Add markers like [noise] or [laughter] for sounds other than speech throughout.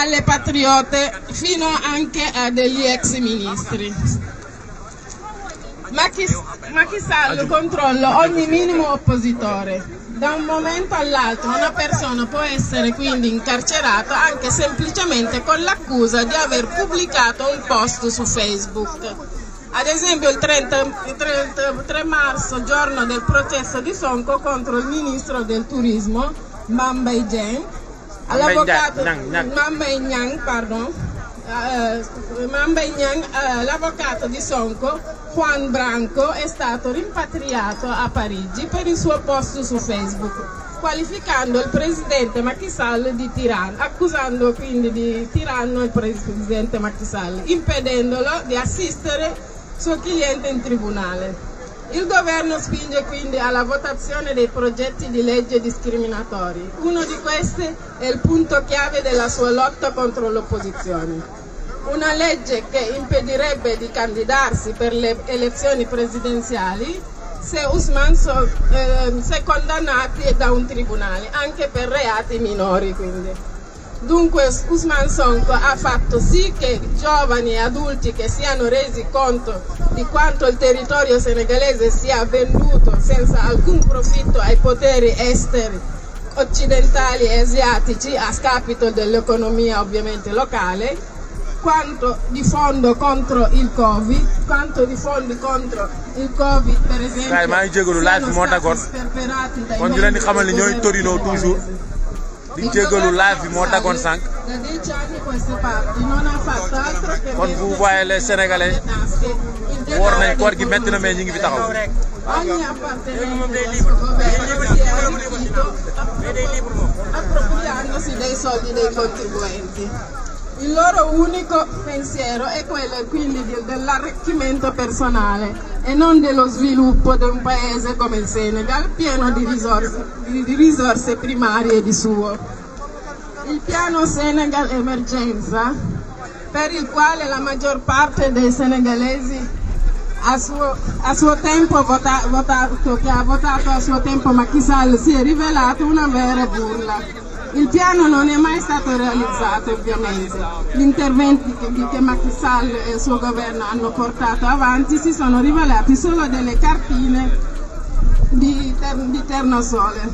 alle patriote fino anche a degli ex ministri. Ma, chi, ma chissà lo controllo ogni minimo oppositore. Da un momento all'altro una persona può essere quindi incarcerata anche semplicemente con l'accusa di aver pubblicato un post su Facebook. Ad esempio il 33 marzo, giorno del processo di Sonco contro il ministro del turismo, Mambei Gen, eh, eh, eh, l'avvocato di Sonco, Juan Branco, è stato rimpatriato a Parigi per il suo post su Facebook, qualificando il presidente Macky Sall di tiranno, accusando quindi di tiranno il presidente Macky Sall, impedendolo di assistere suo cliente in tribunale. Il governo spinge quindi alla votazione dei progetti di legge discriminatori. Uno di questi è il punto chiave della sua lotta contro l'opposizione. Una legge che impedirebbe di candidarsi per le elezioni presidenziali se Usman so, eh, se condannati da un tribunale, anche per reati minori quindi. Dunque Usman Sonko ha fatto sì che giovani e adulti che siano resi conto di quanto il territorio senegalese sia venduto senza alcun profitto ai poteri esteri occidentali e asiatici a scapito dell'economia ovviamente locale, quanto di fondo contro il Covid, quanto di fondo contro il Covid per esempio Dai, siano stati sperperati dai Quando bi ñu jégalu live bi moo daggoon sànq. kon vous voyez les sénégalais woor nañ koor gi métti na mais ñi ngi fi taxaw. appropriandosi dei soldi dei contribuenti. Il loro unico pensiero è quello quindi dell'arricchimento personale e non dello sviluppo di un paese come il Senegal pieno di risorse, di risorse primarie di suo. Il piano Senegal Emergenza, per il quale la maggior parte dei senegalesi a suo, a suo tempo vota, votato, che ha votato a suo tempo Macchisal si è rivelato una vera burla. Il piano non è mai stato realizzato ovviamente, gli interventi che, che Macky e il suo governo hanno portato avanti si sono rivelati solo delle cartine di, ter, di ternosole,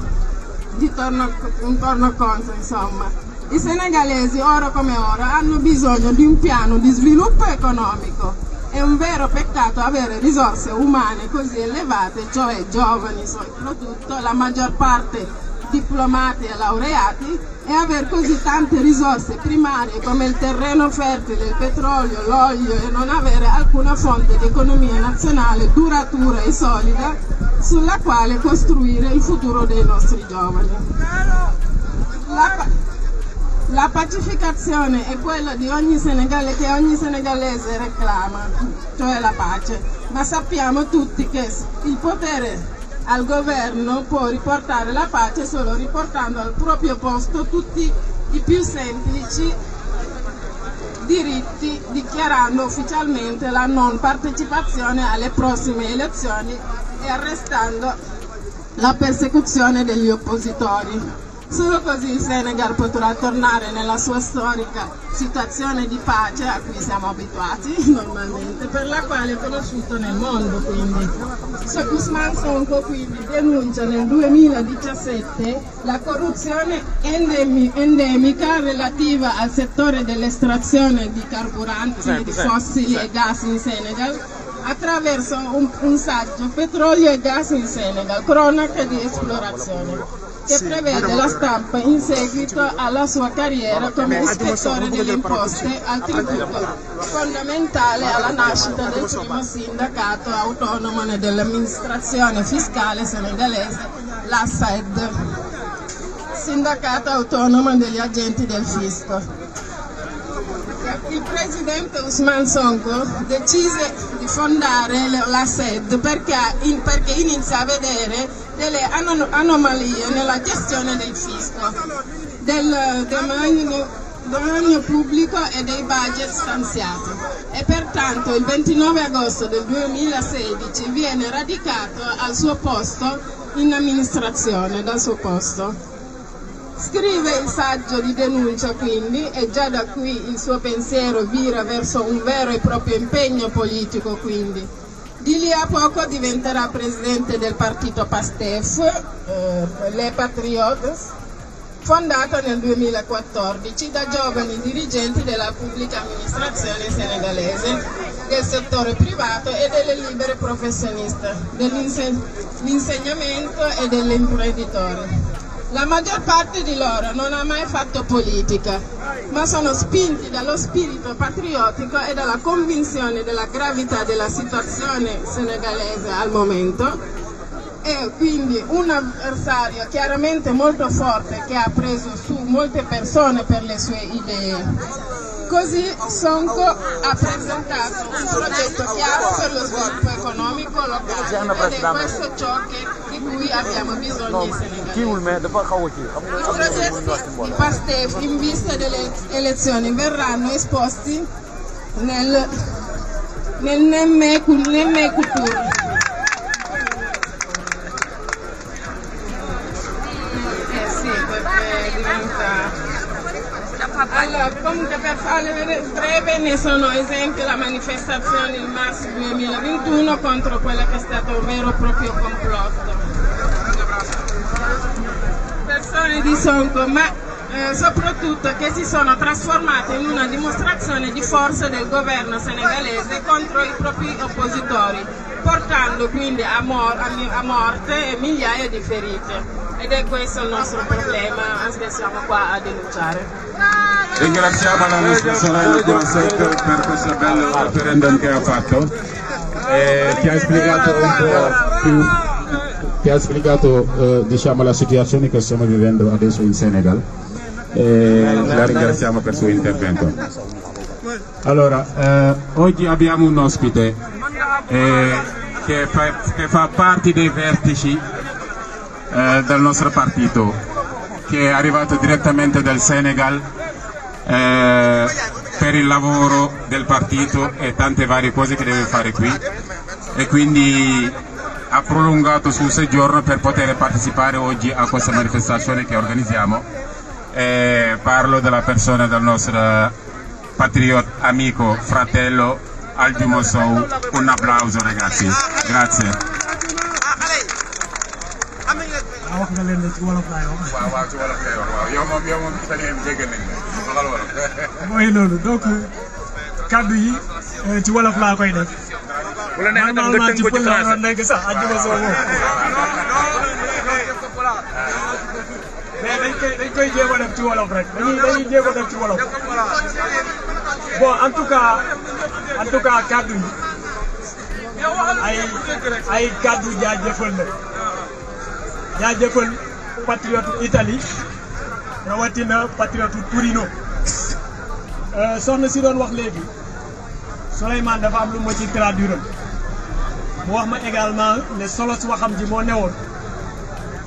di torno, un tornoconto insomma. I senegalesi, ora come ora, hanno bisogno di un piano di sviluppo economico. È un vero peccato avere risorse umane così elevate, cioè giovani soprattutto, la maggior parte diplomati e laureati, e avere così tante risorse primarie come il terreno fertile, il petrolio, l'olio e non avere alcuna fonte di economia nazionale duratura e solida sulla quale costruire il futuro dei nostri giovani. La la pacificazione è quella di ogni senegale, che ogni senegalese reclama, cioè la pace, ma sappiamo tutti che il potere al governo può riportare la pace solo riportando al proprio posto tutti i più semplici diritti dichiarando ufficialmente la non partecipazione alle prossime elezioni e arrestando la persecuzione degli oppositori. Solo così il Senegal potrà tornare nella sua storica situazione di pace a cui siamo abituati [laughs] normalmente, per la quale è conosciuto nel mondo quindi. Sokusman Sonko quindi denuncia nel 2017 la corruzione endemi endemica relativa al settore dell'estrazione di carburanti, senti, di fossili senti. e gas in Senegal attraverso un, un saggio Petrolio e gas in Senegal, cronaca di esplorazione che prevede la stampa in seguito alla sua carriera come ispettore delle imposte al fondamentale alla nascita del primo sindacato autonomo dell'amministrazione fiscale senegalese, la SED, sindacato autonomo degli agenti del fisco il Presidente Usman Sonko decise di fondare la SED perché, in, perché inizia a vedere delle anom anomalie nella gestione del fisco, del demanio domanio pubblico e dei budget stanziati e pertanto il 29 agosto del 2016 viene radicato al suo posto in amministrazione, dal suo posto. Scrive il saggio di denuncia quindi e già da qui il suo pensiero vira verso un vero e proprio impegno politico quindi. Di lì a poco diventerà presidente del partito PASTEF, eh, Le Patriotes, fondato nel 2014 da giovani dirigenti della pubblica amministrazione senegalese, del settore privato e delle libere professioniste, dell'insegnamento e dell'imprenditore. La maggior parte di loro non ha mai fatto politica, ma sono spinti dallo spirito patriottico e dalla convinzione della gravità della situazione senegalese al momento e quindi un avversario chiaramente molto forte che ha preso su molte persone per le sue idee. Così Sonko ha presentato un progetto chiaro per lo sviluppo economico locale ed è questo ciò che di cui abbiamo bisogno i senegalesi. I processi di Pastef in vista delle elezioni verranno esposti nel, nel Nemekutur. Allora, comunque per farle breve ne sono esempio la manifestazione in marzo 2021 contro quello che è stato un vero e proprio complotto. Persone di Sonco, ma eh, soprattutto che si sono trasformate in una dimostrazione di forza del governo senegalese contro i propri oppositori portando quindi a, mor a, a morte migliaia di ferite. Ed è questo il nostro problema, che siamo qua a denunciare. Ringraziamo la nostra sorella Guasetto per questo bello referendum che ha fatto. e ti ha spiegato un po' più, ti ha spiegato eh, diciamo, la situazione che stiamo vivendo adesso in Senegal. Eh, la ringraziamo per il suo intervento. Allora, eh, oggi abbiamo un ospite eh, che, fa, che, fa, parte dei vertici eh, del nostro partito, che è arrivato direttamente dal Senegal eh, per il lavoro del partito e tante varie cose che deve fare qui e quindi ha prolungato il suo soggiorno per poter partecipare oggi a questa manifestazione che organizziamo. parlo della persona del nostro patriota, amico, fratello Aldimo Sow. Un applauso ragazzi. Grazie. Ah, wax nga leen ne ci wolof laay wax. waaw waaw ci wolof lay wax waaw yow moom yow moom italien dégg nañ la [laughs] mooy loolu donc euh, kaddu yi euh, ci wolof laa koy def. bu la neexee tam nga tënk ko ci français nekk sax Aldimo Sow moom. mais dañ koy dañ koy jéem a def ci wolof rek dañuy dañuy jéem a def ci wolof bon en tout cas. en kàddu yi ay ay kàddu jaajëfal la jaajëfal patriote Italie rawatina patriote Turino euh, soxna si doon wax léegi Souleymane dafa am lu ma ci traduire mu wax ma également ne solo si waxam ji moo newoon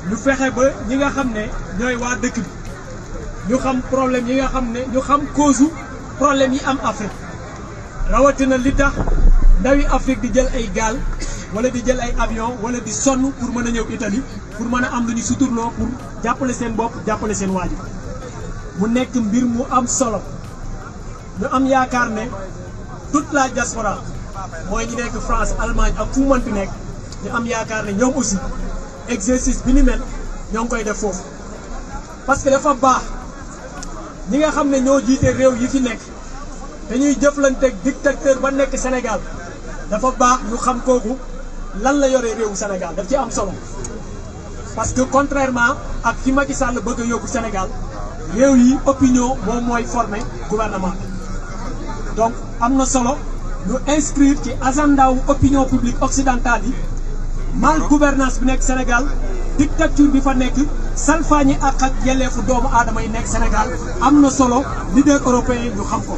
ñu fexe ba ñi nga xam ne ñooy waa dëkk bi ñu xam problème yi nga xam ne ñu xam cause problème yi am Afrique rawatina li tax ndawi Afrique di jël ay gaal wala di jël ay avion wala di sonn pour mën a ñëw Italie pour mën am lu ñu suturloo pour jàppale seen bopp jàppale seen waajur mu nekk mbir mu am solo ñu am yaakaar ne toute la diaspora moy ñi nekk France Allemagne ak fu mën mënti nekk ñu am yaakaar ne ñoom aussi exercice bi ni mel ñoo koy def fofu parce que dafa baax ñi nga xam ne ñoo jiite réew yi fi nekk dañuy jëflanteeg dictateur ba nekk Sénégal dafa baax ñu xam kooku lan la yoree réewu Sénégal daf ci am solo parce que contrairement ak fi Macky Sall bëgg a yóbbu Sénégal réew yi opinion moom mooy formé gouvernement donc am na solo ñu inscrire ci agenda wu opinion publique occidentale yi mal gouvernance bi nekk Sénégal dictature bi fa nekk salfaañi ak ak yelleefu doomu aadama yi nekk Sénégal am na solo leader européen ñu xam ko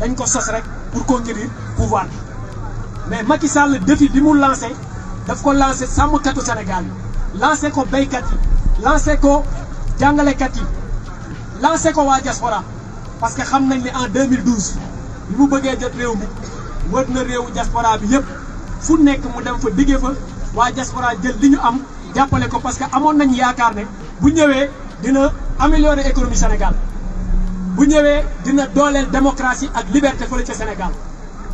dañ ko sos rek pour conquérir pouvoir mais Macky Sall défi bi mu lancé daf ko lancé sàmmkatu Sénégal yi lancé ko béykat yi lancé ko jàngalekat yi lancé ko wa diaspora parce que xam nañ ni en 2012 bi mu bëggee jot réew mi wër na réewu diaspora bi yépp fu nekk mu dem fa diggé fa wa diaspora jël li ñu am jàppale ko parce que amoon nañ yaakaar ne bu ñëwé dina améliorer économie Sénégal bu ñëwee dina dooleel démocratie ak liberté fële ca Sénégal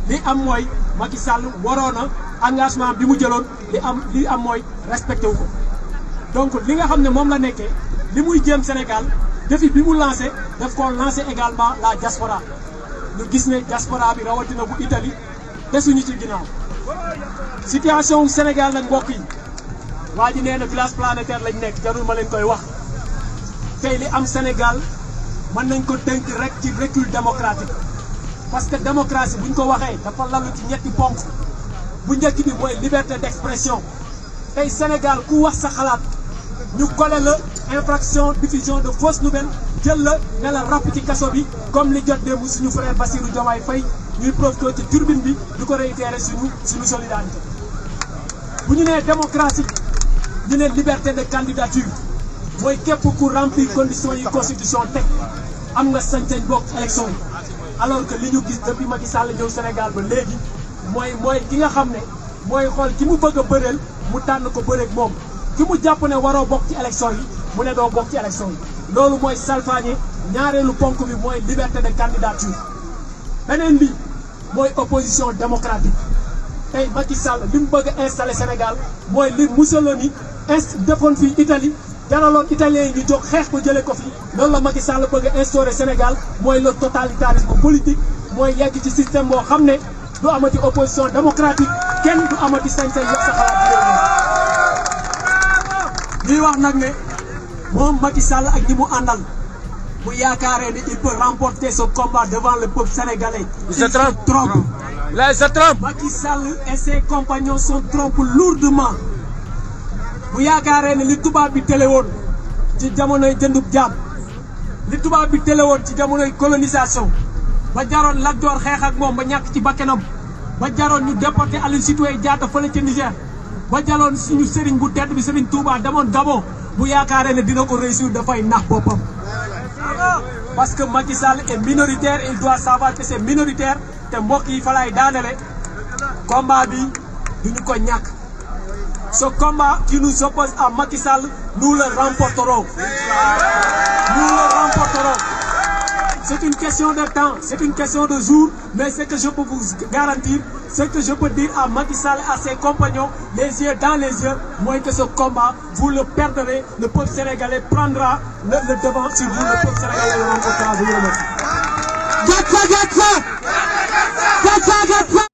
li am mooy Macky Sall waroon engagement bi mu li am li am mooy respecté wu ko. donc li nga xam ne moom la nekkee li muy jéem Sénégal défi bi mu lancé daf ko lancé également la diaspora ñu gis ne diaspora bi rawatina bu Italie desuñu ci ginnaaw situation Sénégal nag mbokk yi waa ji nee na village planétaire lañ nekk jarul ma leen koy wax li am Sénégal man nañ ko tënk rek ci recul démocratique parce que démocratie buñ ko waxee dafa lalu ci ñetti ponk bu njëkk bi mooy liberté d'expression tey Sénégal ku wax sa xalaat ñu collé la infraction diffusion de fausses nouvelles jël la ne la ci kaso bi comme li jot démb suñu frère Bassirou Diomaye Faye ñuy profité ci turbine bi di ko réitéré suñu suñu solidarité bu ñu nee démocratie ñu ne liberté de candidature mooy képp ku remplir conditions yi constitution teg am nga sañ bokk élection alors que li ñu gis depuis Macky Sall ñëw Sénégal ba légui moy moy ki nga xam ne mooy ki mu bëgg a bëreel mu tànn ko bëreeg moom ki mu japp né waro bokk ci élection yi mu né do bokk ci élection lolu moy mooy salfaañe ñaareelu bi moy liberté de candidature benen bi moy opposition démocratique tey Macky Sall li mu bëgg installer Sénégal moy li Mussolini est defoon fii Italie jaraloon italien yi ñu jóg xex ko jëlee ko fi loolu la Macky Sall bëgg a Sénégal moy le totalitarisme politique moy yegg ci système bo xamné ne du amati opposition démocratique kenn du amati sañ-sañ yëpp sa xalaat bi. ñuy wax nak né moom Macky Sall ak ñi mu andal bu yaakaaré ni il peut remporter ce combat devant le peuple sénégalais. il se trompe il se trompe. Macky Sall et ses compagnons sont trompent lourdement. bu yaakaaree ne li tubaab bi tële woon ci jamonoy jëndub jaam li tubaab bi tële woon ci jamonoy colonisation ba jaroon Lat Joor xeex ak moom ba ñàkk ci bakkenam ba jaroon ñu déporté Aline Sitoé Diatta fële ca Niger ba jaroon suñu sëriñ bu tedd bi sëriñ Touba demoon Gabon bu yaakaaree ne dina ko réussir dafay nax boppam. parce que Macky Sall est minoritaire il doit savoir que c'est minoritaire te mbokk yi falaay laay daanele combat bi duñu ko ñàkk. Ce combat qui nous oppose à Macky Sall, nous le remporterons. Nous le remporterons. C'est une question de temps, c'est une question de jour, mais ce que je peux vous garantir, ce que je peux dire à Macky Sall et à ses compagnons, les yeux dans les yeux, moins que ce combat, vous le perdrez, le peuple sénégalais prendra le, devant sur vous, le peuple sénégalais le remportera.